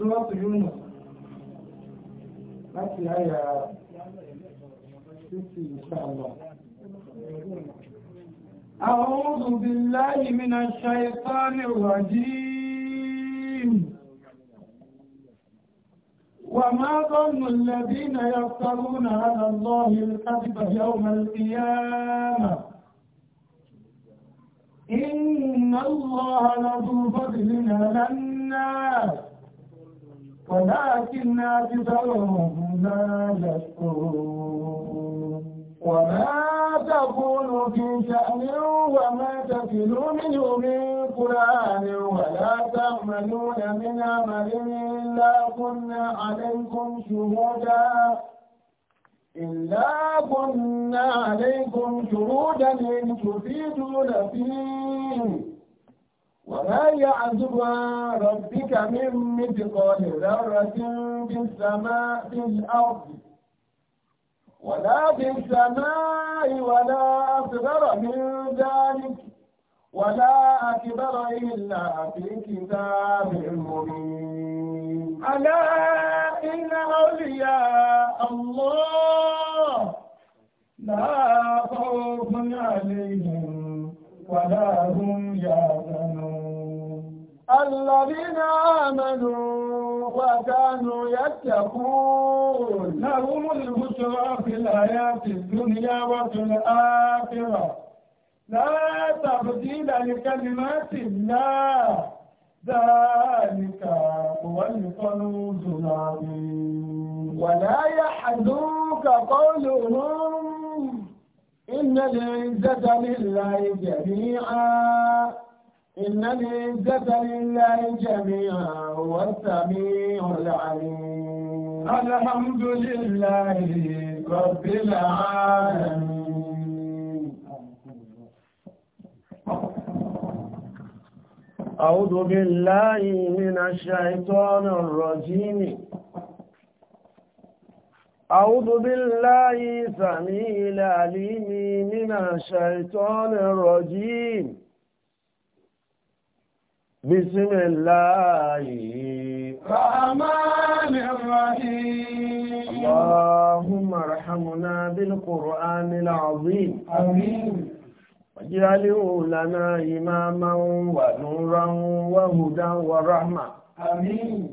سورة يونس آية إن شاء الله أعوذ بالله من الشيطان الرجيم وما ظن الذين يفترون على الله الكذب يوم القيامة إن الله لذو فضل على الناس ولكن أكثرهم لا يشكرون وما تكون في شأن وما تكل منه من قرآن ولا تعملون من عمل إلا كنا عليكم شهودا إلا كنا عليكم شهودا إن تفيدون فيه وما يعزب عن ربك من مثقال ذرة في السماء في الأرض ولا في السماء ولا أصغر من ذلك ولا أكبر إلا في كتاب مبين ألا إن أولياء الله لا الذين آمنوا وكانوا يتقون لهم البشرى في الحياة الدنيا وفي الآخرة لا تبديل لكلمات الله ذلك هو الفوز العظيم ولا يحدوك قولهم إن العزة لله جميعا إن من ذكر الله جميعا هو السميع العليم الحمد لله رب العالمين أعوذ بالله من الشيطان الرجيم أعوذ بالله سميع العليم من الشيطان الرجيم بسم الله الرحمن الرحيم اللهم ارحمنا بالقرآن العظيم آمين واجعله لنا إماما ونورا وهدى ورحمة آمين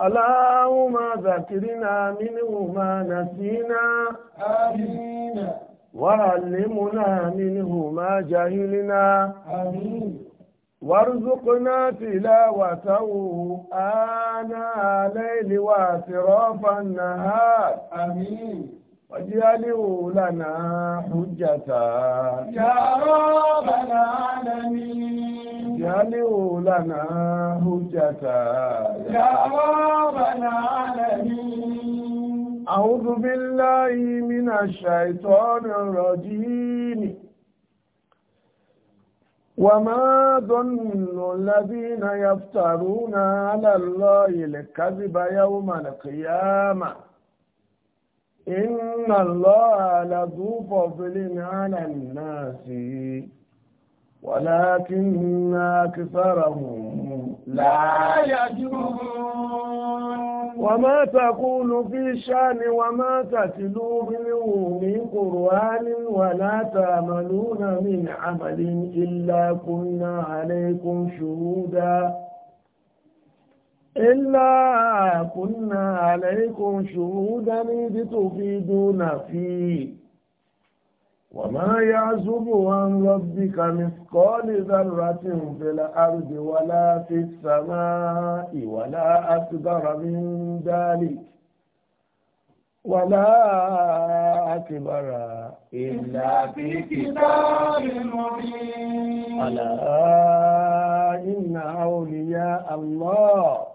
اللهم ذكرنا منه ما نسينا آمين وعلمنا منه ما جهلنا آمين وارزقنا تلاوته آناء الليل وأطراف النهار آمين واجعله لنا حجة يا رب العالمين اجعله لنا حجة يا رب العالمين أعوذ بالله من الشيطان الرجيم وما ظن الذين يفترون على الله الكذب يوم القيامة إن الله لذو فضل على الناس ولكن أكثرهم لا يجرون وما تقول في شأن وما تتلو منه من قرآن ولا تعملون من عمل إلا كنا عليكم شهودا إلا كنا عليكم شهودا إذ تفيدون فيه وما يعزب عن ربك مثقال ذرة في الأرض ولا في السماء ولا أكبر من ذلك ولا أكبر إلا في كتاب مبين ألا إن أولياء الله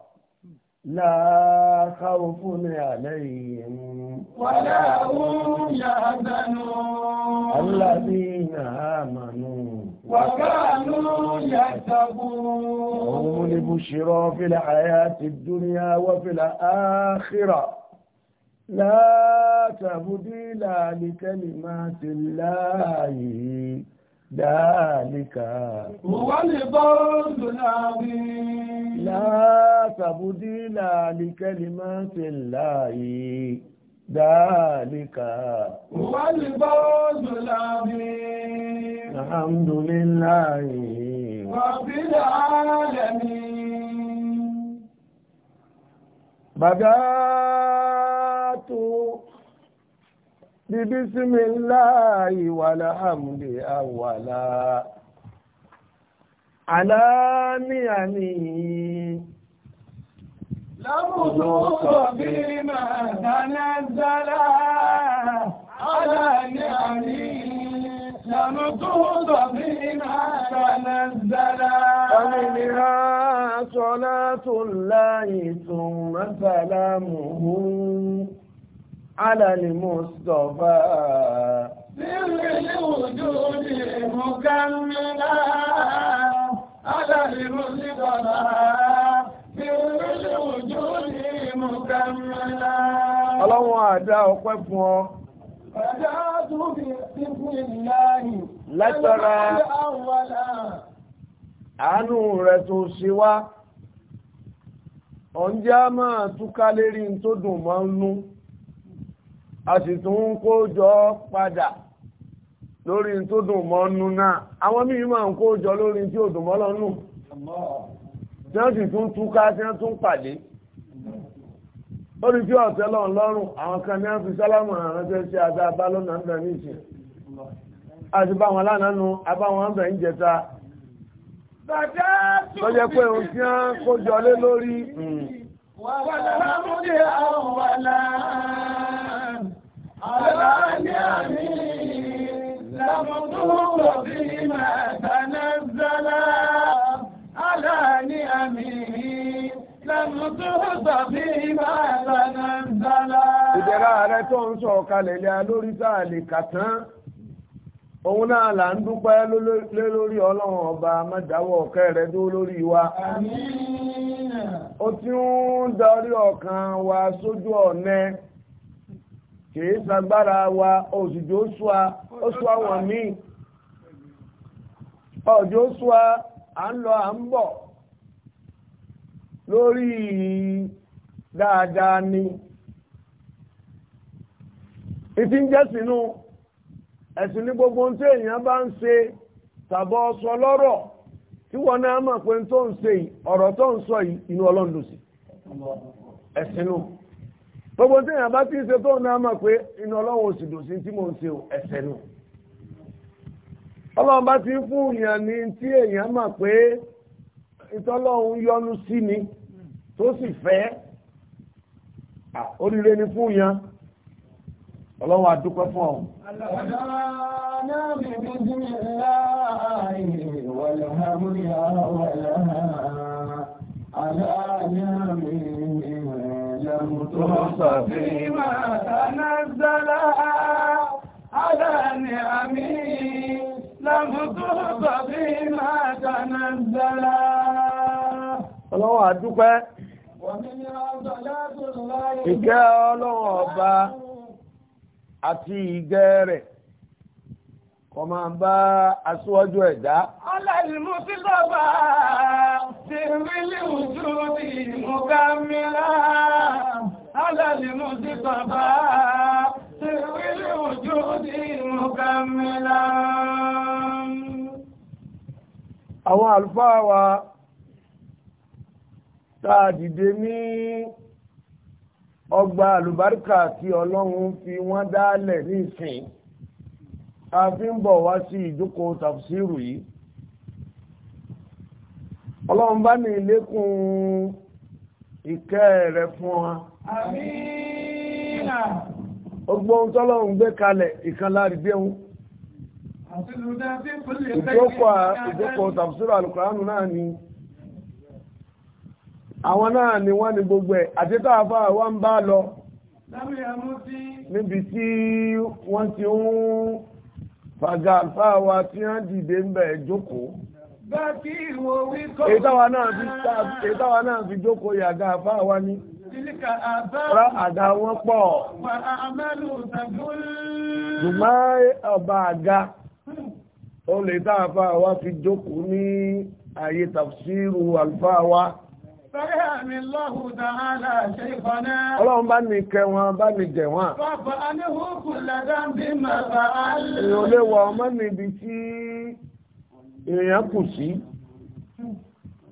لا خوف عليهم ولا هم يحزنون الذين آمنوا وكانوا يهتدون هم البشرى في الحياة الدنيا وفي الآخرة لا تبديل لكلمات الله ذلك هو الفوز العظيم لا تبديل لكلمات الله ذلك هو الفوز العظيم الحمد لله رب العالمين بدأ ببسم الله والحمد أولا على نعمه لمضوط بما تنزل على نعمه لمضوط بما تنزل ومنها صلاة الله ثم سلامه على المصطفى سر الوجود مكملا على المصطفى سر Ọ مكملا ọlọ́run àdá ọpẹ́ fún ọ. Bàdá tó fi sífún Látara àánú rẹ̀ tó ṣe wá, a máa túká lérí tó dùn a sì tún ń kó jọ padà lórí tó dùn mọ́ nú náà àwọn míì máa ń kó jọ lórí tí ò dùn mọ́ lọ́nù tí wọ́n sì tún túká tí wọ́n tún pàdé lórí tí ọ̀tẹ́ lọ́n lọ́rùn àwọn kan ní wọ́n sálámù àránṣẹ́ Ìjẹ́ra rẹ̀ tó ń sọ ọ̀kalẹ̀ ilẹ̀ lórí sáà lè kàtán, òun náà là ń dúpẹ́ lé lórí ọlọ́run ọba mẹ́dáwọ̀ ọ̀kẹ́ rẹ̀ dó lórí wa. Ó ti ń darí ọkàn wa sójú ọ̀nẹ́. kìí sagbára wa òsìjò ṣúwa ó ṣúwa wọn míì ọjọ́ ṣúwa à ń lọ à ń bọ̀ lórí dáadáa ni ìtí ń jẹ́ sínú ẹ̀sìn ní gbogbo tí èèyàn bá ń tàbọ̀ ọsọ lọ́rọ̀ tí wọ́n náà mọ̀ pé tó ń ọ̀rọ̀ tó ń sọ yìí inú gbogbo tí èèyàn bá ti ṣe tó náà mọ̀ pé inú ọlọ́run oṣù dòsí tí mò ń ṣe ẹsẹ̀ nù ọlọ́run bá ti fún èèyàn ní tí èèyàn mọ̀ pé ìtọ́lọ́run yọ́nú sí ni tó sì fẹ́ oríire ni fún yẹn ọlọ́run àdúpẹ́ fún ọ. Àlá ni àmì المصطفى فيما تنزل على نعمه لمصطفى فيما تنزل ọlọ́wọ́ àdúpẹ́ ìkẹ́ ọlọ́wọ́ ọba àti ìgẹ́ rẹ̀ kọ máa bá aṣíwájú ẹ̀dá. ọlọ́ìmú sí lọ́ba ti rí lìwùjú ní ìmúká mìíràn. ọlọ́ìmú sí lọ́ba ti rí lìwùjú ní ìmúká mìíràn. àwọn àlùfáà wa tá a dìde ní ọgbà àlùbáríkà tí ọlọ́run fi wọ́n dálẹ̀ ní ìsìn. a fi ń bọ̀ wá sí tafsiru yìí ọlọ́run bá ní ìlékún ìkẹ́ rẹ̀ fún wa àmínà gbogbo ohun gbé kalẹ̀ bí ẹun tafsiru alukùránù náà ni àwọn náà ni wọ́n gbogbo ẹ̀ àti tààfà wọ́n bá lọ níbi tí wọ́n ti ń fàgàfà wa tí wọ́n dìde ń bẹ̀ jókòó ìtawà náà fi jókòó yàgá àfà wa ní rá àga wọn pọ̀ ṣùgbọ́n ọba àga ó lè tàà àfà wa fi jókòó ní àyè tàfsírù àlùfáà wa. Ọlọ́run bá mi kẹ wọn, bá mi jẹ wọn. Bàbá aníhùkù lẹ́dá bí màbá alẹ́. Èèyàn lè wọ ọmọ níbi tí èèyàn kù sí.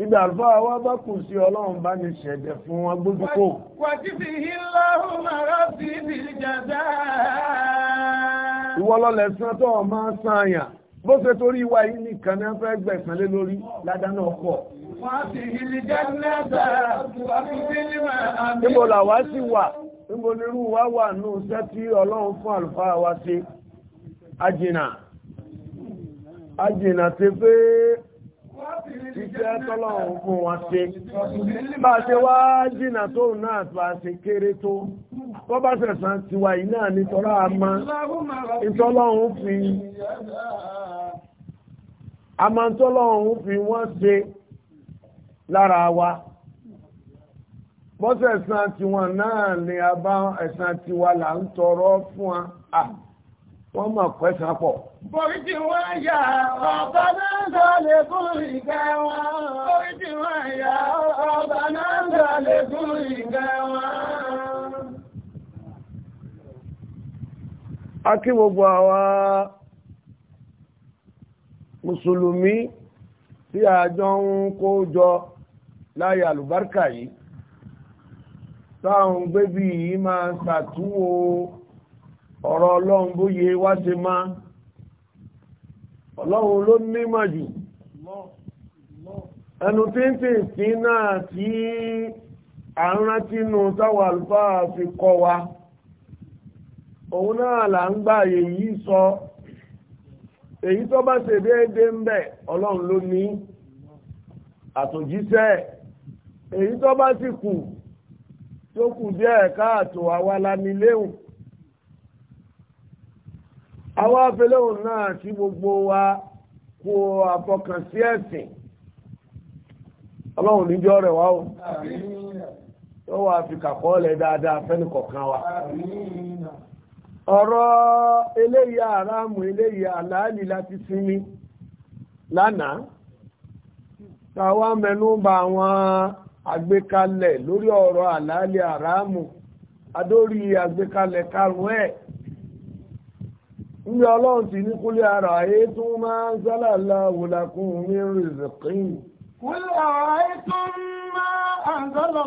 Ibi àlùfáà wá bá kù sí ọlọ́run bá mi ṣẹ̀dẹ̀ fún wọn gbójú kò. Wàjíbi ìlọ́run màrá tó máa ń Bó ṣe torí wa yìí nìkan ni wọ́n fẹ́ gbẹ̀sán lé lórí ládàá náà Níbo làwa sì wà, níbo nírú wa wà ní iṣẹ́ tí Ọlọ́run fún àlùfáà wa ṣe, ajìnà. Ajìnà ti pé iṣẹ́ tọ́lọ́run fún wa ṣe. Bá ṣe wá jìnà tó náà bá ṣe kéré tó, kọ́ bá sẹ̀sán ti wà yìí náà nítorá a ìtọ́lọ́run fi, a máa tọ́lọ́run fi wọ́n ṣe lára wa bọ́sẹ̀ ẹ̀san tiwọn náà ni a bá ẹ̀san tiwa là ń tọrọ fún wa wọ́n mọ̀ pẹ́sàn pọ̀. Borí tí wọ́n yà ọ̀pá náà sọ́lẹ̀ fún ìgbẹ́ wọn. Borí tí wọ́n yà ọ̀pá náà sọ́lẹ̀ fún ìgbẹ́ wọn. A kí gbogbo àwa Mùsùlùmí tí àjọ ń kó jọ láyé àlùbáríkà yìí táwọn gbébí yìí máa ṣàtúwò ọ̀rọ̀ ọlọ́run bóyé wá ṣe máa ọlọ́run ló nímọ̀ jù ẹnu tíntìntì náà tí à ń rántí nu táwọn àlùfáà fi kọ́ wa òun náà là ń gbààyè yìí sọ. So, èyí tó bá ṣe déédéé ń bẹ̀ ọlọ́run ló ní àtòjíṣẹ́ èyí tó bá sì kù tó kù díẹ̀ káàtó àwa lamiléhùn àwa afẹlẹ́hùn náà tí gbogbo wa kó àfọkànsí ẹ̀sìn ọlọ́run níjọ́ rẹ̀ wá o tó wà fi kàkọ́ ọ̀lẹ̀ dáadáa fẹ́ni kọ̀ọ̀kan wa. ọ̀rọ̀ eléyìí àràmù eléyìí àlàálì láti sinmi lánàá tàwà mẹ́nú bà àwọn àgbékalẹ̀ lórí ọ̀rọ̀ àlàálì àràmù adórí àgbékalẹ̀ karùn-ún ẹ̀ ní ara máa ń sálà ní rìzìkín. kúlẹ̀ ara tó máa ń sálà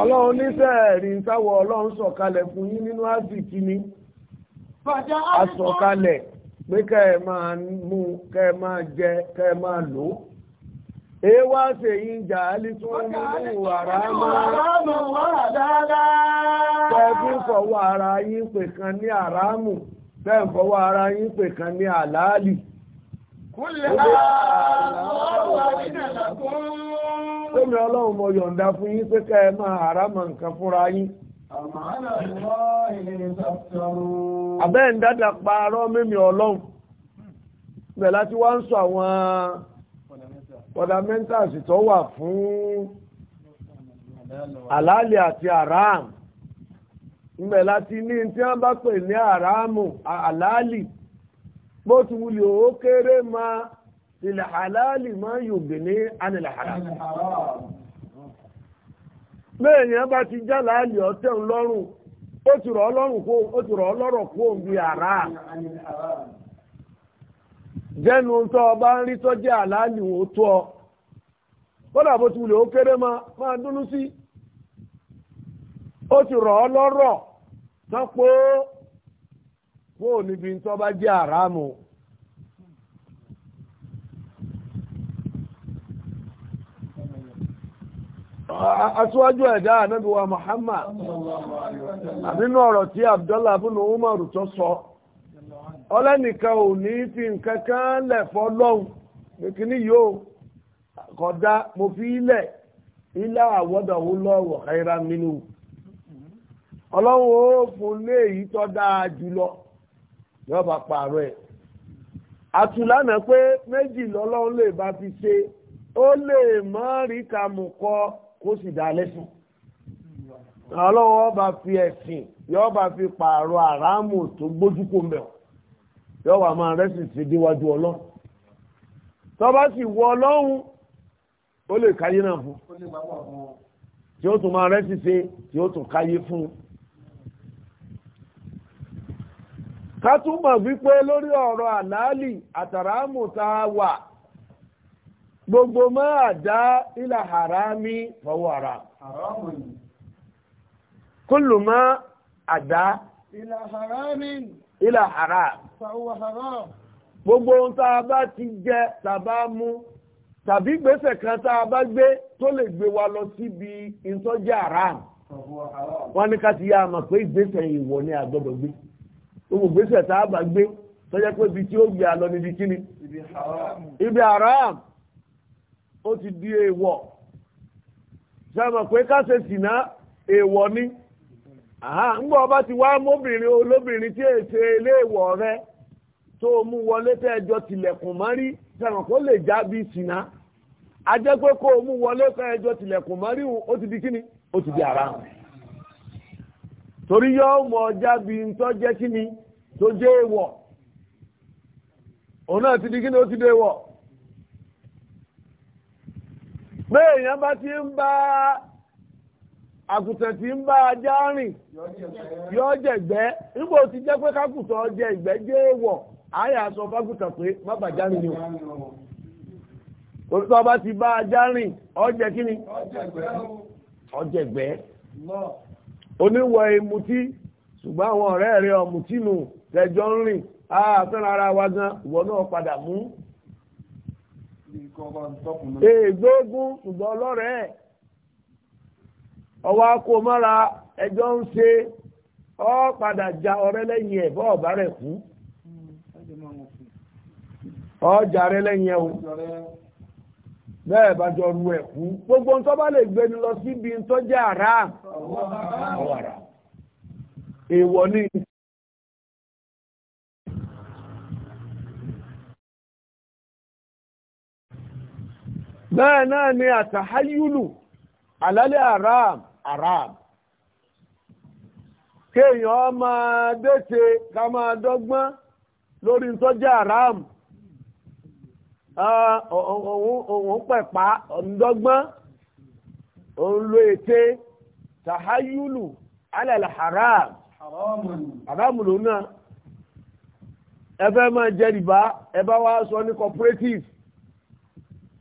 ọlọ́run níṣẹ́ rí sáwọ́ ọlọ́run sọ̀kalẹ̀ fún yín nínú àsìkí ni asọ̀kalẹ̀ pé kẹ́ ẹ máa mú kẹ́ ẹ máa jẹ kẹ́ ẹ máa lò ó wá ṣe yín jà á lè tún mú wàrà máa tẹ́ fi fọwọ́ ara yín pè kan ní àràmù fọwọ́ ara yín pè kan ní àlàálì. kúlẹ̀ Fẹ́mi ọlọ́run mo yọ̀ǹda fún yín pé ká ẹ máa àrámà nǹkan fúnra yín. Àbẹ́ ń dáadáa parọ́ mímí ọlọ́run. Bẹ̀ láti wá ń sọ àwọn fundamentals tó wà fún àlàálẹ̀ àti àràmù. Ìgbẹ̀ láti ní tí wọ́n bá pè ní àràmù àlàálì. Bó ti wulẹ̀ ó kéré máa ilẹ̀ àláàlì máa yóò gbè ní anìlẹ̀ àláàlì mẹ́ẹ̀yàn bá ti já láàlì ọ̀tẹ̀ ńlọ́rùn ó ti rọ̀ bi àrá jẹ́nu tó ọba ń rí tọ́jẹ́ àláàlì wọn ó tó ọ kódà bó ti bá jẹ́ aṣíwájú ẹ̀dá ànábì wa Muhammad nínú ọ̀rọ̀ tí abdullahi Umar tó sọ ọlẹ́nìkan ò ní fi nǹkan kan lẹ̀ fọ́lọ́hun nìkíní yóò kọ̀dá mo fi ilẹ̀ ilá àwọ́dàwó lọ́wọ́ khairan ọlọ́run ó fún ní èyí dáa jùlọ pààrọ̀ ẹ̀ pé méjì lọ́lọ́run lè bá fi ṣe kó sì dá lẹ́sìn ọlọ́wọ́ bá fi ẹ̀sìn yọ́ bá fi pààrọ̀ àràmù tó gbójúkó mẹ́ yọ́ wà máa rẹ́sìn sí díwájú ọlọ́run tó sì wọ ọlọ́run ó lè káyé náà fún tí ó tún máa rẹ́sìn sí tí ó tún káyé fún. ká wípé gbogbo máa dá ilà harami fọwọ́ ara kúlù máa àdá ilà harami ilà haram fọwọ́ haram gbogbo ohun tá a bá ti jẹ tá a bá mú tàbí gbèsè kan tá a bá gbé tó lè gbé wa lọ síbi ìtọ́jà haram wọ́n ní ká ti yá a pé ìgbésẹ̀ ìwọ ni àgbọ̀dọ̀ gbé gbogbo gbèsè tá gbé tọ́jà pé ibi tí ó gbé a níbi kíni ibi haram. ó ti di èèwọ̀ sábà pé káṣe sìnà èèwọ̀ ni ńgbọ́ ọba ti wá mọ́bìnrin olóbìnrin tí èsè iléèwọ̀ rẹ tó mú wọlé tẹ́ẹ̀jọ tilẹ̀kùn mọ́rí sábà kó lè já bí sìnà ajẹ́ pé kó mú wọlé tẹ́ẹ̀jọ tilẹ̀kùn mọ́rí ó ti di kíni ó ti di ara torí ọjà ntọ́ jẹ́ kíni tó jẹ́ èèwọ̀ òun náà ti di kíni ó ti di èèwọ̀. bẹ́ẹ̀ èèyàn bá ti ń bá àgùntàn ti ń bá ajá rìn yọ jẹ̀gbẹ́ nígbò ti jẹ́ pé kákùtọ̀ jẹ ìgbẹ́ jẹ́ pé má o bá ti bá ajá rìn ọjẹ́ kí ni ọjẹ̀gbẹ́ oníwọ̀ ṣùgbọ́n àwọn ọ̀rẹ́ rẹ̀ tẹjọ́ rìn ara wa gan náà padà mú èèzó ogún ṣùgbọ́n ọlọ́rẹ̀ẹ́ ọwọ́ akó mọ́ra ẹjọ́ ń ṣe ọ padà ja ọ̀rẹ́ lẹ́yìn ẹ̀ bọ́ ọ̀bá rẹ̀ kú ọjà rẹ̀ lẹ́yìn ẹ̀ o bẹ́ẹ̀ bá jọ ru kú gbogbo ń tọ́ bá lè gbéni lọ bẹ́ẹ̀ náà ni àtàháyúlù àlálẹ́ aram aram kéèyàn máa déṣe ká máa dọ́gbọ́n lórí tọ́jà aram òun pẹ̀pá ọ̀ndọ́gbọ́n òun lo ète tàháyúlù alẹ́lẹ́ haram haram lónà ẹ fẹ́ máa jẹ rìbá ẹ bá wá sọ ní cooperative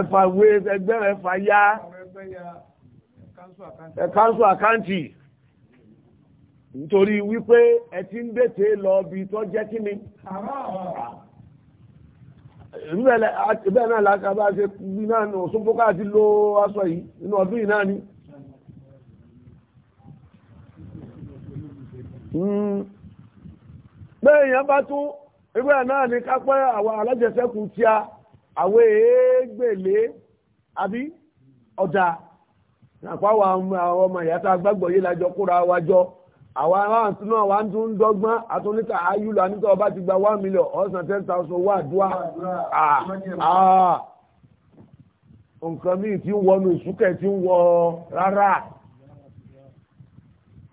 ẹ̀fà wé ẹgbẹ́ rẹ̀ fà yá ẹ̀kánsù àkáǹtì nítorí wípé ẹ ti ń dètè lọ bí tó jẹ́ kí ni bẹ́ẹ̀ náà lákàbá ṣe bí náà nù sófókà àti lo aṣọ yìí nínú ọdún yìí náà ni hmm. bẹ́ẹ̀ yẹn bá tún ẹgbẹ́ náà ni kápẹ́ àwọn alájẹsẹ́kù àwọn èégbèlé àbí ọ̀dà nàpá wa àwọn ọmọ a lájọ kóra àwọn gba 1,000,000 nǹkan míì tí ń wọnú ìsúkẹ̀ tí ń wọ rárá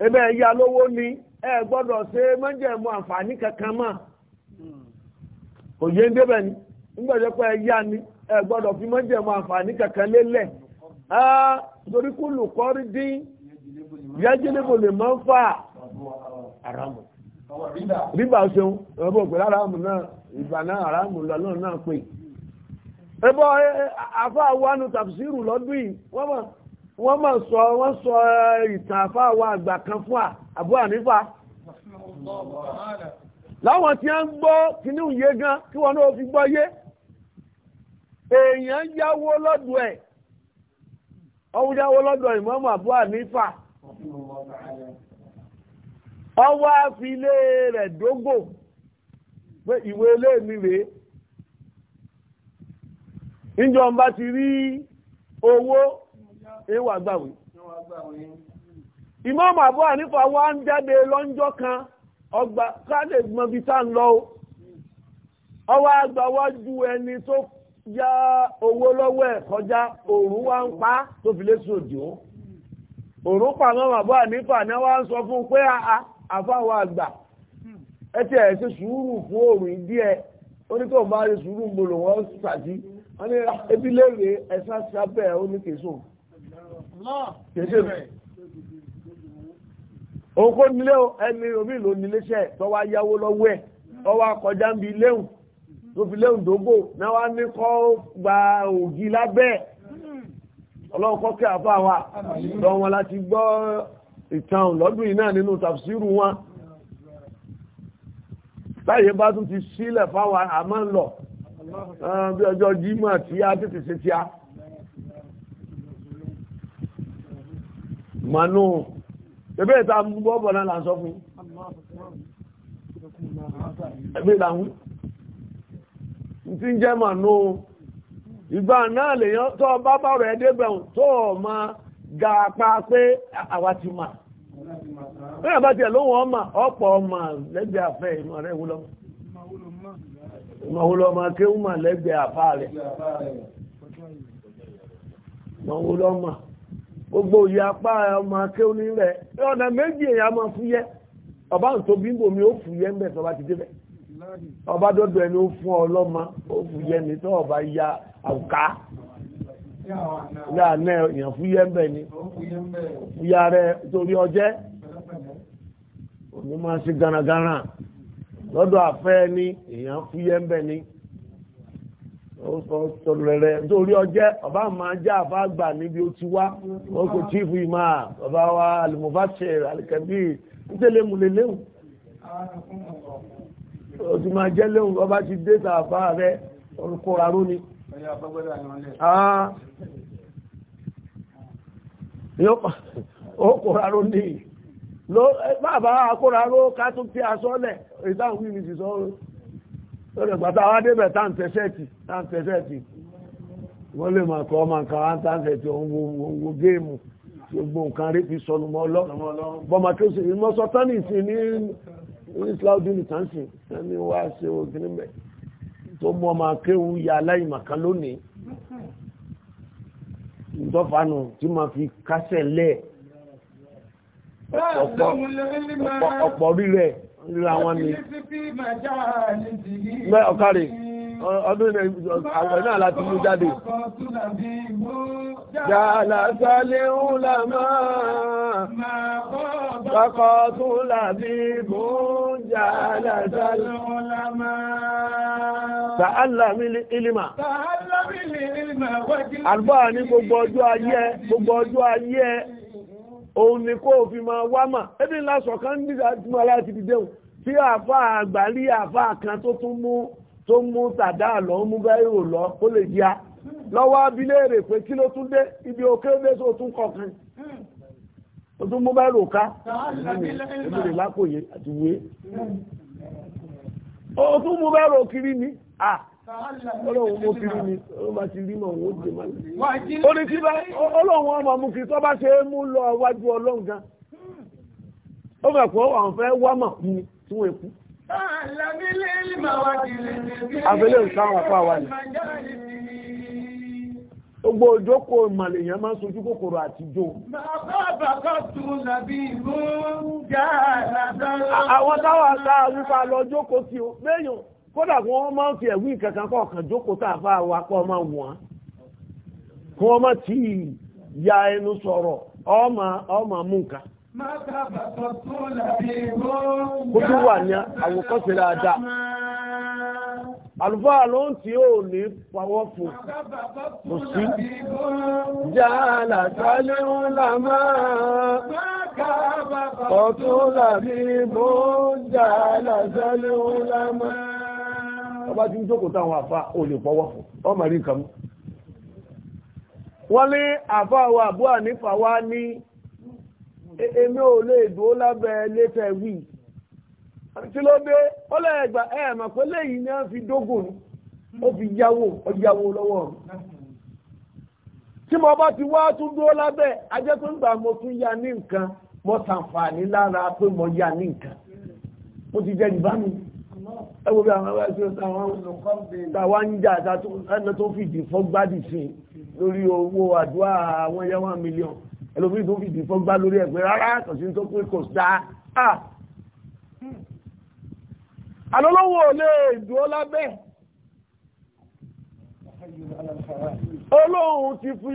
ebe ẹ̀yà lówó ni ẹ gbọ́dọ̀ àǹfààní kankan kò yé ń débẹ̀ ni. nígbàjọ́ pé ẹ̀yá ni ẹ gbọ́dọ̀ fi mọ́jẹ̀mú àǹfààní kankan lélẹ̀ torí kú lùkọ́rí dín yájẹ́lébò lè máa fà àràmù ṣeun náà ìgbà náà àràmù náà pè lọ́dún yìí wọ́n sọ wọ́n sọ ìtàn àgbà kan fún àbúrò láwọn tí a ń gbọ́ kínú yé gan kí wọ́n náà fi gbọ́ èèyàn yáwó lọ́dọ̀ ẹ̀ ọwọ́ yáwó lọ́dọ̀ ìmọ́mù àbú ànífà ọwọ́ àfilé rẹ̀ dógò pé ìwé ilé mi rèé ìjọba ti rí owó ẹwà gbàwé ìmọ́mù àbú ànífà wá ń jáde lọ́njọ́ kan ọgbà ń lọ ọwọ́ ẹni tó yá owó lọ́wọ́ ẹ̀ kọjá òòrùn wá ń pa tó fi lé sòdì ó òòrùn pa àwọn bàbá nípa náà wá ń sọ fún un pé ah, ah, àfáwọn àgbà ẹ ti ẹ̀ ṣe sùúrù fún òòrùn ìdí ah, ẹ̀ ó ní kò bá rí sùúrù ń bolo wọn sàdí wọn ní ebi léèrè ẹ̀sán sábẹ́ ó ní kèso kèso òun kò nílé ẹni omi ló níléṣẹ́ tó wá yáwó lọ́wọ́ ẹ̀ tó wá kọjá ń bi léhùn tó fi léhùn dógò náà wá ní kọ́ gba ògì lábẹ́ ọlọ́run kọ́ kí àfá wa lọ wọn láti gbọ́ ìtàn lọ́dún yìí náà nínú tàfsírù wọn láyé bá tún ti sílẹ̀ fáwa àmọ́ ń lọ bí ọjọ́ jímọ̀ tí a tètè ṣe tí a manú ẹgbẹ́ ìta gbọ́ náà là ń sọ fún ẹgbẹ́ ìlànà tí ń jẹ́ mànú ìgbà náà lèyàn tó bá bàrọ̀ ẹ̀dẹ́gbẹ̀rún tó ma ga apá pé àwa ti mà bẹ́ẹ̀ bá lóhun ọmọ ọ̀pọ̀ ọmọ àfẹ́ ìmọ̀ rẹ̀ gbogbo apá ọmọ ní rẹ̀ ọ̀nà méjì máa fúyẹ́ ọba ń ń ó fúyẹ́ ń bẹ̀ ti dé ọba dọ́dọ̀ ẹni ó fún ọlọ́mọ ó fún yẹni tó ọba ya àwùká láàánú èèyàn fún yẹ́ńbẹ̀ ni ìyá rẹ̀ torí ọjẹ́ òní máa ṣe garagara lọ́dọ̀ àfẹ́ ni èèyàn fún yẹ́ńbẹ̀ ni ó sọ tọrọ rẹ nítorí ọjẹ ọba máa já àfa gbà níbi ó ti wá wọn kò tí fi máa bàbá wa alimọba ṣe alikẹbí o ti máa jẹ́ léhùn ọba ti dé sàfà rẹ olùkọ́ra ró ni okòra ró ní bàbá akóra ró ká tún kí asọ́lẹ̀ ìdáhùn mímí ti sọ́rọ̀ lọ́rẹ̀ gbàtà wá débẹ̀ táǹtẹ̀sẹ̀tì táǹtẹ̀sẹ̀tì wọ́n lè máa kọ́ ọmọ nǹkan áńtàǹtẹ̀tì òun géèmù gbogbo nǹkan rí fi sọnù mọ́ ọlọ́ bọ́mà tó sì mọ́ sọ ní islam dín ní ni ẹni wá ṣe ògìní mẹ tó mú ọmọ akéwù ya aláìmọ̀kan lónìí ntọ́fàánù tí máa fi kásẹ̀ lẹ̀ ọ̀pọ̀ rírẹ̀ rírẹ̀ àwọn ni mẹ́ ọ̀kárì ọdún àwẹ̀ náà láti mú jáde jàlá sálẹ̀ ńlá máa فقط لبيب جالة العلماء تعلم العلم تعلم العلم àlùfáà ní gbogbo ọjọ́ ayé gbogbo ọjọ́ ayé òun ni kó fi máa wá mà ẹbí ńlá sọ̀kan nígbà tí mo aláti ti dẹ̀hùn tí àfà àgbàlí àfà kan tó tún mú tó mú tàdá lọ mú báyìí lọ kó lè jíá lọ́wọ́ abilé rè pé kí ló tún dé ibi òkè lé tó tún kọ̀ọ̀kan o tún mú bá rò ká ìbèrè lákòye àti wé o tún mú bá kiri ní à ọlọ́run mú kiri ní ọlọ́run bá ti rí mọ̀ òun ó dè má lè ó ní tí bá ọlọ́run ọmọ mú kiri tó bá ṣe mú lọ Gbogbo òjókòó ìmàlè yẹn máa ń sojú kòkòrò àti jò. Àwọn táwà sáà wípa lọ jókòó sí o. Béèyàn, kódà kí wọ́n máa ń fi ẹ̀wí ìkẹ̀kàn kọ̀ọ̀kan jókòó tààfà wa kọ́ máa wọ̀n. Kí wọ́n máa ti ya ẹnu sọ̀rọ̀ ọmọ mú nǹkan. Kó tó wà ní àwòkọ́ṣe dáadáa. àlùfáà ló ń tí ó ní pàwọ́fò kò sí jàálà tálé ń là máa ọ̀tún làbí bó jàálà tálé ń là máa ọba tí ń jókòó táwọn àfá ò lè pàwọ́fò ọmọ rí nǹkan mú wọ́n ní àfá wa àbúà nífà wá ní e-, èmi ò lè dúó lábẹ́ létẹ̀ tí ló dé ọlọ́ẹ̀gbà ẹ̀ mà pé lẹ́yìn ni wọ́n fi dógùn ó fi yáwó ọyáwó lọ́wọ́ mi tí mo bá ti wá tún dúró lábẹ́ ajẹ́ tó ń gbà mo tún ya ní nǹkan mo ṣàǹfààní lára pé mo ya ní nǹkan mo ti jẹ ìbá mi ẹ wo bí àwọn ẹgbẹ́ tí ó tàwa ń jà ẹni tó fìdí fọ́gbádì sí lórí owó àdúrà àwọn ẹyẹ one million ẹlòmíì tó fìdí fọ́gbá lórí ẹgbẹ́ rárá kò sí tó pé kò sáà alọ́lọ́wọ́ olè ìdúró lábẹ́ olóhun ti fi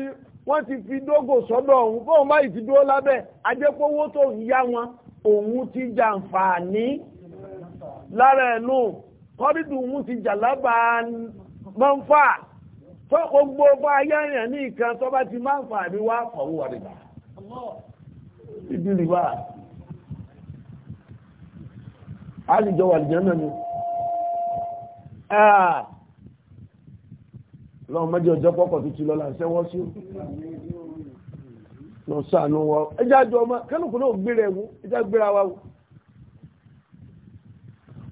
wọ́n ti fi dógò sọ́dọ̀ òun fóun bá ìfi dúró lábẹ́ ajẹ́pówó tó ń yá wọn òun ti jàǹfààní lára ẹ̀nù kọ́dídù òun ti jàlábà mọ́ǹfà tó gbogbo bá yáyàn ní ìkan tó bá ti máǹfà ní wá fọwọ́ rẹ̀ àlìjọ wà lìjọ náà ni ah! lọ́wọ́ mẹ́jọ ọjọ́ pọ́pọ̀ tuntun lọ́la ṣẹ́wọ́ sí lọ sànú wọ ẹjẹ́ àjọ ọmọ kẹ́lùkù náà gbére ẹ̀wù ẹjẹ́ gbéra wa wù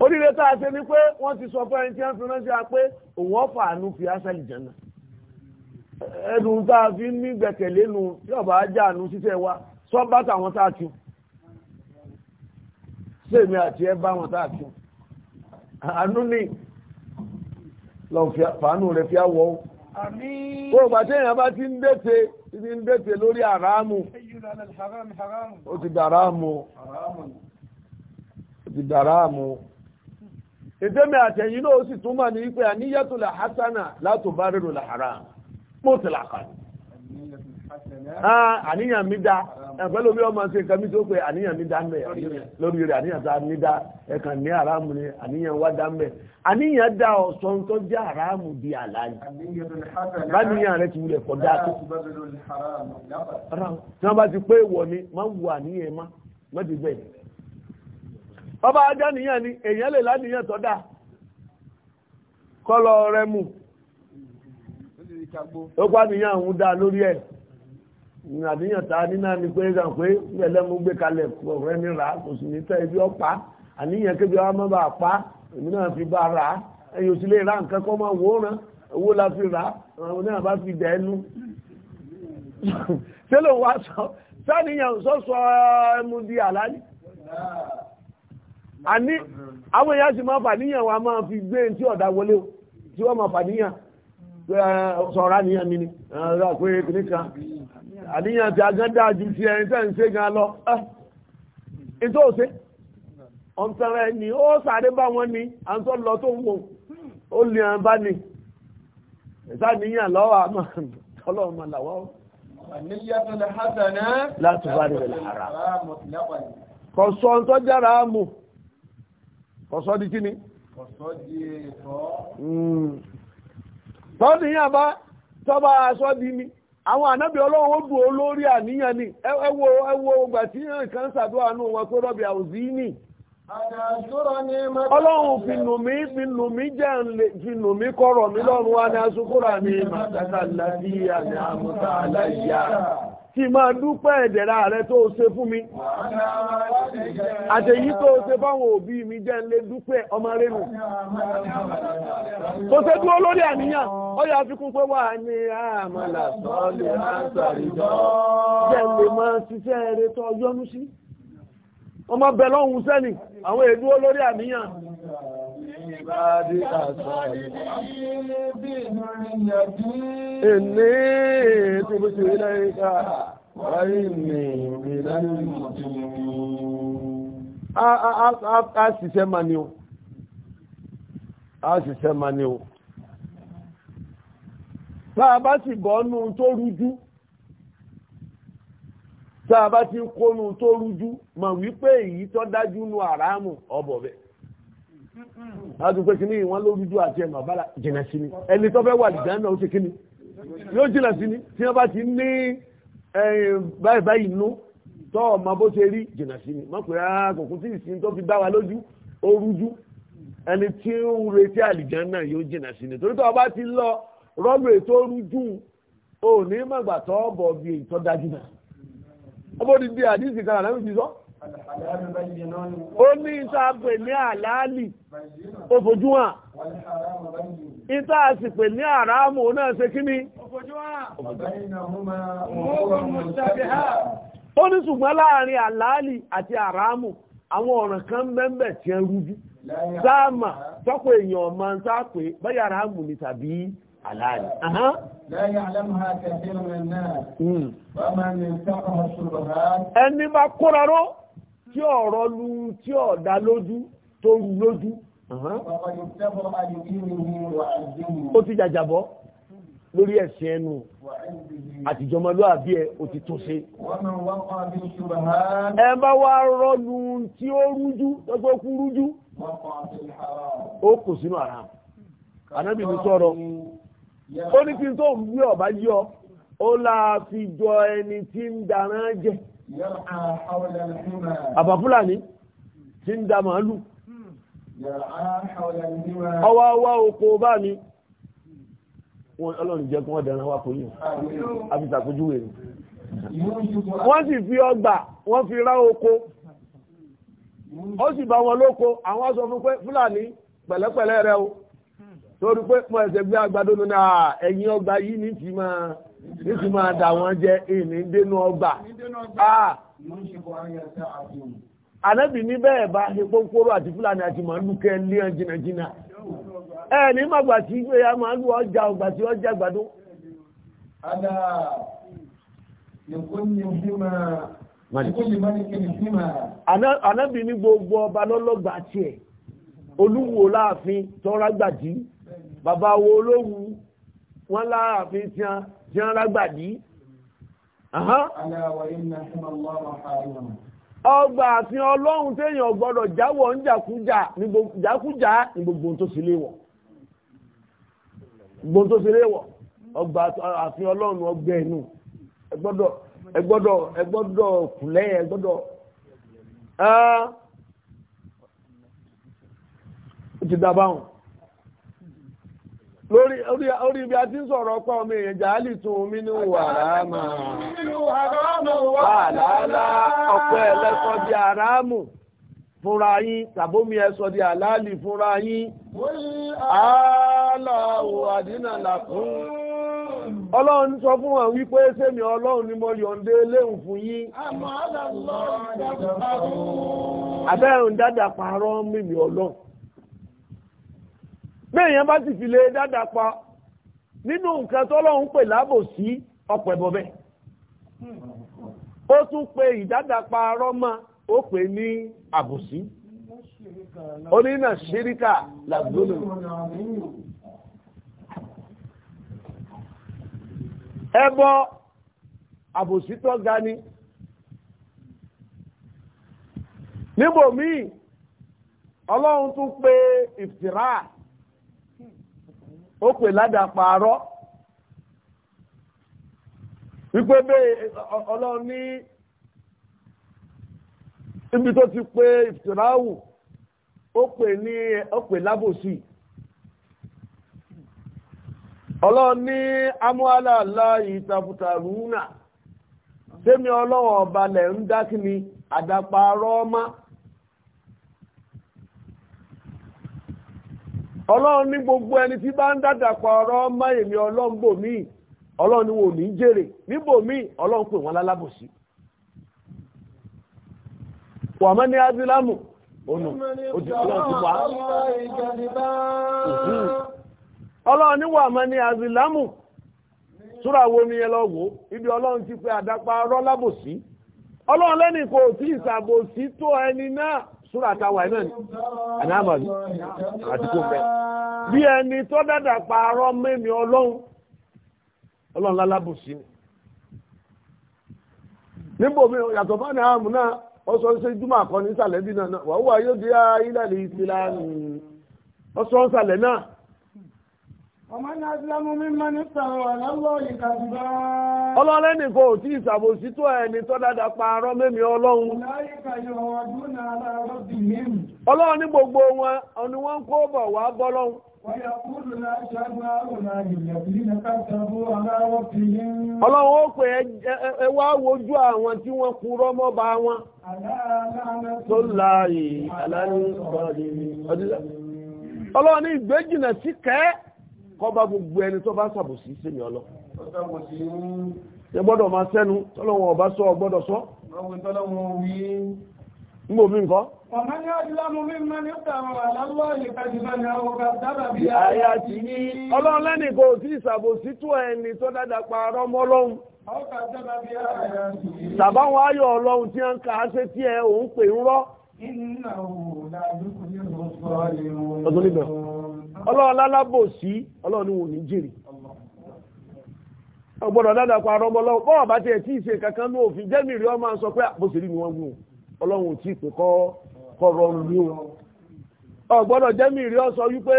oríire tá a ni pé wọ́n ti sọ fún ẹni tí wọ́n fi ránṣẹ́ pé òun ọ̀fà àánú fi áṣà lìjọ náà ẹnu tá a fi ní gbẹ̀kẹ̀lé nu yọ̀bá ajá àánú ṣiṣẹ́ wa sọ́ bá tàwọn tá tún sèmi àti ẹ bá wọn táàkì àánú ní lọ fàánù rẹ̀ fi àwọ̀ ó ó bá tí èèyàn bá ti ń dẹ́tẹ ti ń dẹ́tẹ lórí àràámù ó ti dàràámù ó ti dàràámù ìdẹ́mi àtẹ̀yìn náà ó sì túmọ̀ ní pé àníyàtò làhásánà látò bá rèrò àníyàn mi dá omi ọmọ sí nǹkan mi tó pé àníyàn mi dá mẹ́ lórí rẹ̀ àníyàn tá mi dá ẹ̀kàn ní àràmù ni àníyàn wá dá mẹ́ àníyàn dá ọ̀sán tó jẹ́ di àlàyé báníyàn rẹ̀ ti wulẹ̀ kọjá tó ti pé ni má wù àníyàn má ọba ni èèyàn àdéhùn ta nínà ni pé kàn pé ìrẹ̀lẹ̀ mú gbé kalẹ̀ ọ̀rẹ́ mi rà kò sì ní tẹ́ ibi ọ̀pá àníyàn kébi ọmọ bá pa èmi náà fi bá rà ẹ̀yìn òsì lè ra nǹkan kọ́ máa wò ó rán owó la fi rà àwọn náà bá fi dẹ̀ ẹnu. ṣé ló wá sọ sáníyàn sọ́sọ ẹmu di àlàyé àní àwọn èèyàn sì máa fàníyàn wa máa fi gbé tí ọ̀dà wọlé o tí wọ́n máa fàníyàn sọ̀rọ̀ àníyàn mi ni ọ̀rọ̀ pé kìnnìkan àníyàn ti agán dáa ju ti ẹni tẹ́ ń ṣe gan lọ ẹ́ ah, ètò òṣè ọ̀npẹ̀rẹ̀ ni ó sáré bá wọn ni à ń tọ́ lọ tó ń wò ó lè hàn bá ni ìta níyàn lọ́wọ́ àmọ́ ọlọ́run máa làwọ́ ó. láti bá rẹ̀ lára kò sọ ohun tó jára mù kò sọ di kíni. kò sọ di èèfọ́. tọ́ níyàn bá tọ́ bá aṣọ di mi. àwọn ànábì ọlọ́run ó dùn olórí àníyàn ni ẹwọ ẹwọ ọgbà tí nǹkan ṣàdúrà nù wọn pé rọ́bì àwùzí nì. ọlọ́run fi nù mí mi lọ́rùn wa ní asukúra ní màtàkà lábí àmì àmúta aláìyá kí máa dúpẹ́ rẹ tó ṣe mi àtẹ̀yí tó ṣe fáwọn òbí mi jẹ́ ń dúpẹ́ ọmọ rẹ̀ nù. kò ṣe dúró lórí ó yà fi kún pé wà ní àmàlà sọ́ọ̀lì àṣàrídọ́. jẹ́ lè máa ṣiṣẹ́ eré tó yọnu sí ọmọ bẹ̀ lọ́hùn sẹ́ni àwọn èdú olórí àníyàn Ìní ìtìbìtì ilẹ̀ ìka wáyé ní ìrìnlẹ́ A ṣiṣẹ́ ma ni o. A ṣiṣẹ́ ma ni o tá a bá sì bọ́nú tó rújú tá a bá ti kónú tó rújú mọ̀ wípé èyí tó dájú nu àràmù ọbọ̀ bẹ́ẹ̀ láti pé kíní wọn ló rújú àti ẹ̀mọ̀ bára jìnà sí ni ẹni tó fẹ́ wà lìdán náà ó ṣe kíní yóò jìnà sí ni tí wọ́n bá ti ní báyìí báyìí nú tọ́ ọmọ bó ṣe rí jìnà sí ni mọ̀ pé ah, kòkó tí ìsìn tó fi dá wa lójú ó rújú ẹni tí ń retí àlìján náà yóò jìnà sí ni torí tó o ti lọ rọ́bì tó rújú ò ní mọ̀gbà tó bọ̀ bí ìtọ́ dájú náà ọbọ̀dì bí àdísì kan àlẹ́ ti ni ó ní ìtàpè ní àlàálì ó fojú ní àràmù náà ṣe kí ni ó ní ṣùgbọ́n láàrin àlàálì àti àwọn kan mẹ́mẹ́ tí ẹ rújú sáàmà tọ́pọ̀ èèyàn ọmọ ń halal. Ẹni máa kóra ró tí ọ̀rọ̀ lu tí ọ̀dá lójú tó rú lójú. Ó ti jàjàbọ́ lórí ẹ̀sìn ẹnu àtìjọmọlúàbí ẹ ó ti tún ṣe. Ẹ bá wá rọ́lu tí ó rújú tọ́gbọ́ kú rújú. Ó kò sínú àrà. Ànábì mi sọ̀rọ̀ ó ní kí n tó ń bí ọ̀bá yọ ó láà fi jọ ẹni tí ń darán jẹ àbá fúlàní tí ń da màálù ọwọ́ wá oko bá ní wọ́n ọlọ́run jẹ́ kí wọ́n dẹran wá kò àfisàkójúwé ni wọ́n sì fi ọgbà wọ́n fi rá oko ó sì bá wọn lóko àwọn sọ fún pé fúlàní pẹ̀lẹ́pẹ̀lẹ́ rẹ o torí pé mo ẹ̀sẹ̀ gbé àgbàdo nínú à ẹ̀yìn ọgbà yìí ní ti máa ní ti máa dà wọ́n jẹ ìní dénú ọgbà. ànábì ní bẹ́ẹ̀ bá epo kóró àti fúlàní àti màálù kẹ́ lé ẹ̀ jìnnàjìnnà. ẹ ní màgbà tí ìgbéyà màálù ọjà ọgbà tí ọjà àgbàdo. ada nìkún ni bímọ nìkún ni mọ́nìkì ni bímọ. ànábì ní gbogbo ọba lọ́lọ́gbà tiẹ̀ olúwo láàfin tọ́ra gbàdí bàbá wo olówù wọ́n láàfin tí wọ́n lágbàdí ọgbà àti ọlọ́run téèyàn gbọ́dọ̀ jáwọ́ ń jàkújà ní gbogbo tó sì léwọ̀ gbogbo tó sì léwọ̀ ọgbà àti ọlọ́run ọgbẹ́ inú ẹgbọ́dọ̀ ẹgbọ́dọ̀ ẹgbọ́dọ̀ kùlẹ̀ ẹgbọ́dọ̀ ó ti dábáhùn lórí orí ibi a ti ń sọ̀rọ̀ ọpá ọmọ èèyàn jàálì tún mí ní wàràmà wàhálà ọ̀pọ̀ ẹlẹ́sọ di àràmù fúnra yín tàbómi ẹsọ di àlálì fúnra yín aláwọ̀ àdínà làkún ọlọ́run sọ fún wọn wípé sẹ́mi ọlọ́run ni mo yọ̀ǹde léhùn fún yín àbẹ́rùn dáadáa pààrọ̀ ọlọ́run béèyàn bá sì fi lè dáadáa pa nínú nǹkan tọ́lọ́run pè lábòsí ọ̀pẹ̀ bọ̀bẹ̀ ó tún pe ìdádàpá rọ́mọ ó pè ní àbòsí onínà ṣíríkà làgbónà ẹbọ àbòsí tó ga ni níbòmíì ọlọ́run tún pe ìfìtìráà ó pè ládàpọ̀ àárọ̀ wípé bẹ́ẹ̀ ọlọ́run ní ibi tó ti pé ìfìtìráwù ó pè ní ó pè lábòsí ọlọ́run ní amúhálàlá ìtàbùtàrúnà sẹ́mi ọlọ́run ọba lẹ̀ ń dá kí ni àdàpọ̀ àárọ̀ máa. ọlọ́run ní gbogbo ẹni tí bá ń dàdàpọ̀ ọ̀rọ̀ ọmọ èmi ọlọ́run bò ọlọ́run ni wọn ní í ọlọ́run pè wọ́n lálábòsí. ní ònà ti ọlọ́run ní wo ni ibi ọlọ́run ti pé àdàpọ̀ ọ̀rọ̀ ọlọ́run kò tí ì tó ẹni náà. sura táwa ẹ̀ náà ni ànámọ̀lì àdúgbò bẹ́ẹ̀. bí ẹni tó dàdà pààrọ̀ mẹ́mi ọlọ́run ọlọ́run lálábùsí ni. níbo mi yàtọ̀ naa àmú náà ó sọ ṣe júmọ̀ àkọ́ni ìsàlẹ̀ bí náà wàá yóò di ilẹ̀ ìsìlẹ̀ ọ̀sán ìsàlẹ̀ náà. Ọlọ́run nìkan ò tí ìṣàbòsí ẹni tó dáadáa pa mẹ́mí ọlọ́run. Ọlọ́run ní gbogbo wọn, kó bọ̀ bọ́lọ́run. Ọlọ́run ó pè ẹwà wojú àwọn tí wọ́n bá wọn. Tó aláàrín ọdún. Ọlọ́run ní ìgbéjìnà sí kẹ́ẹ́. kọ́ bá gbogbo ẹni tó bá ṣàbòsí sẹ́mi ọlọ́ ṣe gbọ́dọ̀ máa sẹ́nu tọ́lọ́wọ́n ọba sọ ọgbọ́dọ̀ sọ. Ngbò mi nǹkan. Ọ̀nà ni ó dìlámú mi máa ní ọ̀tàrà àlálọ́ ìpàdìbà ni àwọn ọ̀gá dábà bí i àyà ti ní. Ọlọ́run lẹ́nì kò sí ìṣàbòsí tó ẹni tó dáadáa pa arọ́ mọ́ lọ́hùn. Ọ̀gá dábà bí i àyà ti ní. ọlọ́run lálábòsí ọlọ́run wò ní jèrè ọgbọ́dọ̀ ládàpọ̀ àrọ́mọ ọlọ́run bọ́ọ̀ bá tiẹ̀ tí ì ṣe kankan ní òfin jẹ́mìrì ọmọ sọ pé àbòsírí ni wọ́n gùn ọlọ́run tí ì kọ́ rọrùn ní o ọgbọ́dọ̀ jẹ́mìrì ọ sọ wípé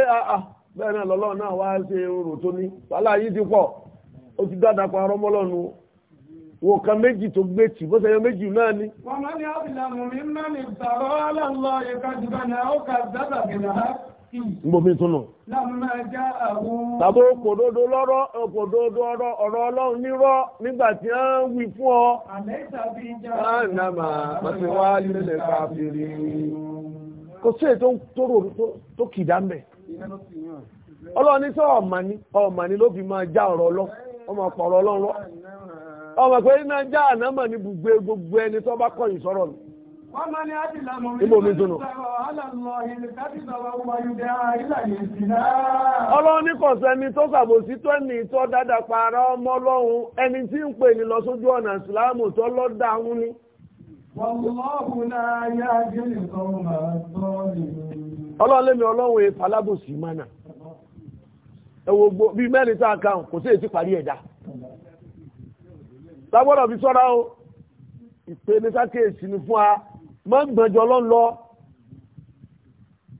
bẹ́ẹ̀ náà lọ́lọ́run náà wá ṣe orò tó ní wàhálà yìí ti pọ̀ ó ti dádàpọ̀ àrọ́mọ ọlọ́run kan méjì tó gbé tì bó ṣe yọ méjì náà ni. máa Gbogbo ìtúnù. Tàbí òkòdodo lọ́rọ̀ òkòdodo ọ̀rọ̀ ọlọ́run nígbà tí a ń wí fún ọ. Ànàmà àti wá lílẹ̀ káfíìrì. Kò sí ètò tóró tó kìdá mẹ́. Ọlọ́run ní sọ ọ̀màní ọ̀màní ló fi máa já ọ̀rọ̀ ọlọ́run. Ọmọ ọ̀pọ̀ ọ̀rọ̀ ọlọ́run rọ́. Ọmọ pé já ní gbogbo ẹni tó bá kọ̀yìn sọ̀rọ̀ Ibò mi dùnú. Ọlọ́run ní kò sẹ́ni tó ṣàbòsí tó ẹni tó dáadáa para ọmọ ọlọ́run ẹni tí ń pè ní lọ sójú ọ̀nà ìsìláàmù tó lọ́dà ń ní. Ọlọ́run lémi ọlọ́run èèpà e alábòsí mánà. Ẹ wo gbogbo bíi mẹ́rin tá a kàn kò sí èsì parí ẹ̀dá. Lágbọ́dọ̀ ìpè ní sákèèsì ni fún má gbọ́njọ lọ́n lọ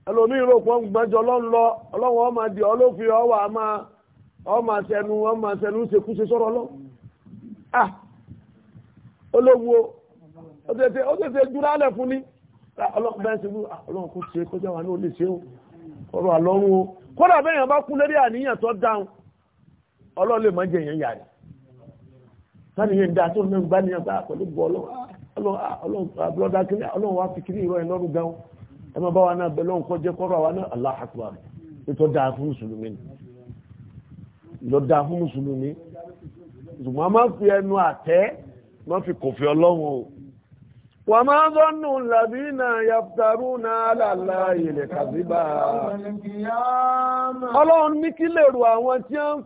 ẹlòmíì rò pọ́n gbọ́njọ lọ́n lọ ọlọ́wọ́ ọmọ di ọlọ́fin ọwọ́ àmà ọmọ àṣẹnu ọmọ àṣẹnu ṣekúṣe sọ̀rọ̀ lọ. olówó ó tètè dúró fún ṣe ọlọ́run ṣe kọjá ní olè ṣe àlọ́run o kódà bá kú àníyàn tó dáhùn ọlọ́run lè má yàrá dáa tó ọlọ́dà ah, ah, kìíní ọlọ́run wá fi kìíní ìrọ̀ ẹ̀ lọ́rùn gan ẹ máa bá wa náà bẹ lọ́run kọ́ jẹ́ kọ́rọ̀ àwa náà Allahu a máa fi ẹnu àtẹ́ máa fi kò fi ọlọ́run o wà máa zọ́nù làbínà yàtàrúnà àlàlà ilẹ̀ kàzíbà ọlọ́run ní kí lèrò àwọn tí wọ́n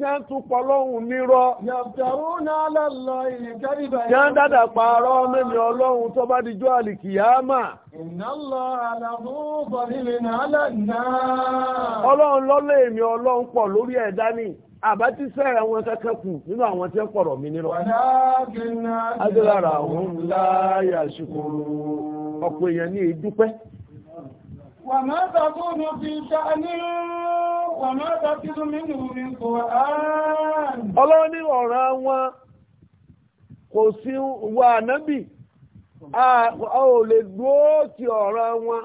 jẹ́ ń tún pọ̀ lọ́hùn nírọ́. Yàtàrú náà lọ́lọ́ ìkẹ́rìbà. Jẹ́ ń dàdà pààrọ̀ mẹ́mi ọlọ́hun tó bá dijọ́ àlìkìyámà. Ìnálọ́ àlàbò bọ̀dìlẹ̀ Ọ̀pọ̀ èèyàn ní ìdúpẹ́. وما تكون في شأن وما تكون منه من قرآن ọlọ́run ní ọ̀rọ̀ wọn kò sí wa nábì a ò lè dúró ti ọ̀rọ̀ wọn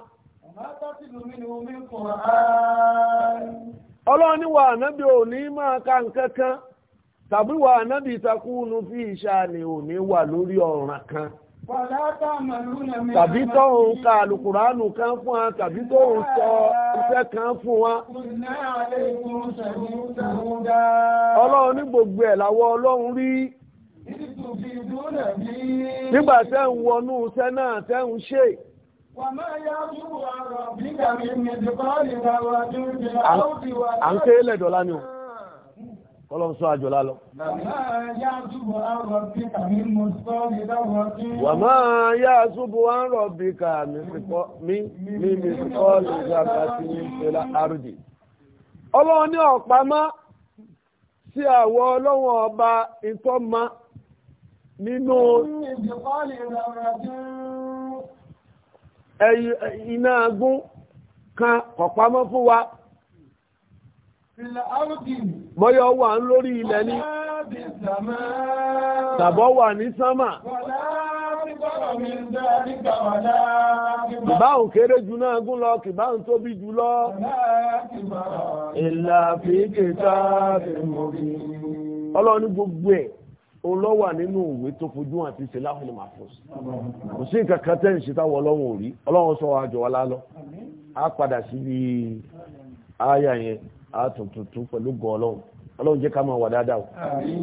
ọlọ́run ní wa nábì ò ní máa ka nǹkan kan tàbí wa nábì takúnú fi ìṣà fi ò ní wà lórí ọ̀ràn kan tàbí tó ń ka alùkùránù kan fún wa tàbí tó ń sọ iṣẹ́ kan fún wa. ọlọ́run ní gbogbo ẹ̀ làwọn ọlọ́run rí nígbà tẹ́ ń wọnú iṣẹ́ náà tẹ́ ń ṣe. à ń ké kọlọ́n sọ àjọ lálọ. wà máa yá àṣùbù wọn rọ̀ bí ká mi mìsìkọ́ lè ṣàkà sí ìṣẹ́lá àrùdì. ọlọ́run ní ọ̀pá mọ́ sí àwọ̀ ọlọ́run ọba ìtọ́ ma nínú iná agún kan kọ̀pamọ́ fún wa bọ́yọ̀ wà ń lórí ilẹ̀ ni tàbọ̀ wà ní sánmà kìbáhùn kéré jù náà gún lọ kìbáhùn tóbi jù lọ ìlà fíkẹta ọlọ́ni gbogbo ẹ̀ o lọ wà nínú òwe tó fojú hàn ti ṣe láhùn mafos kò sí ìkàkà tẹ́ ìṣẹ́tàwọ̀ ọlọ́run ò rí ọlọ́run sọ àjọ wa lálọ́ á padà síbi ááyà yẹn àtúntútù pẹ̀lú gọ́ọ̀lọ́hùn ọlọ́run jẹ́ ká máa wà dáadáa o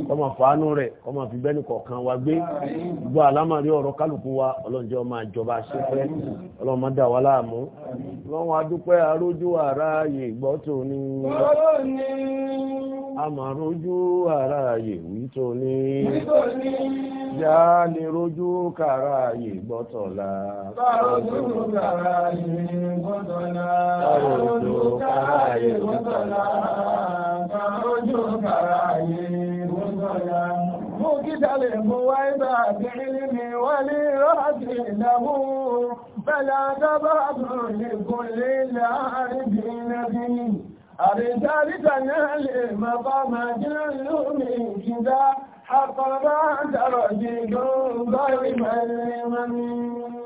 kó máa fàánú rẹ̀ kó máa fi bẹ́ẹ̀ni kọ̀ọ̀kan wa gbé gbọ́ àlámàrí ọ̀rọ̀ kálukú wa ọlọ́run jẹ́ ọmọ àjọba ṣẹ́fẹ́ ọlọ́run má dà wá láàmú ọlọ́run adúpẹ́ arójú àráàyè gbọ́ tòní àmàrójú àráàyè wí tòní já kàrà ayé mọ́sọ̀lá. Mú kíta lè mú wáyébà àti ilimi wà ní rọ́ọ̀tì ìdàmú. Bẹ́lá dábà àbúrò lè gùn lé láàrin bí nàbí. أرسالك نال مقام جلوم كذا حقبا ترجي دون ظلم اليمن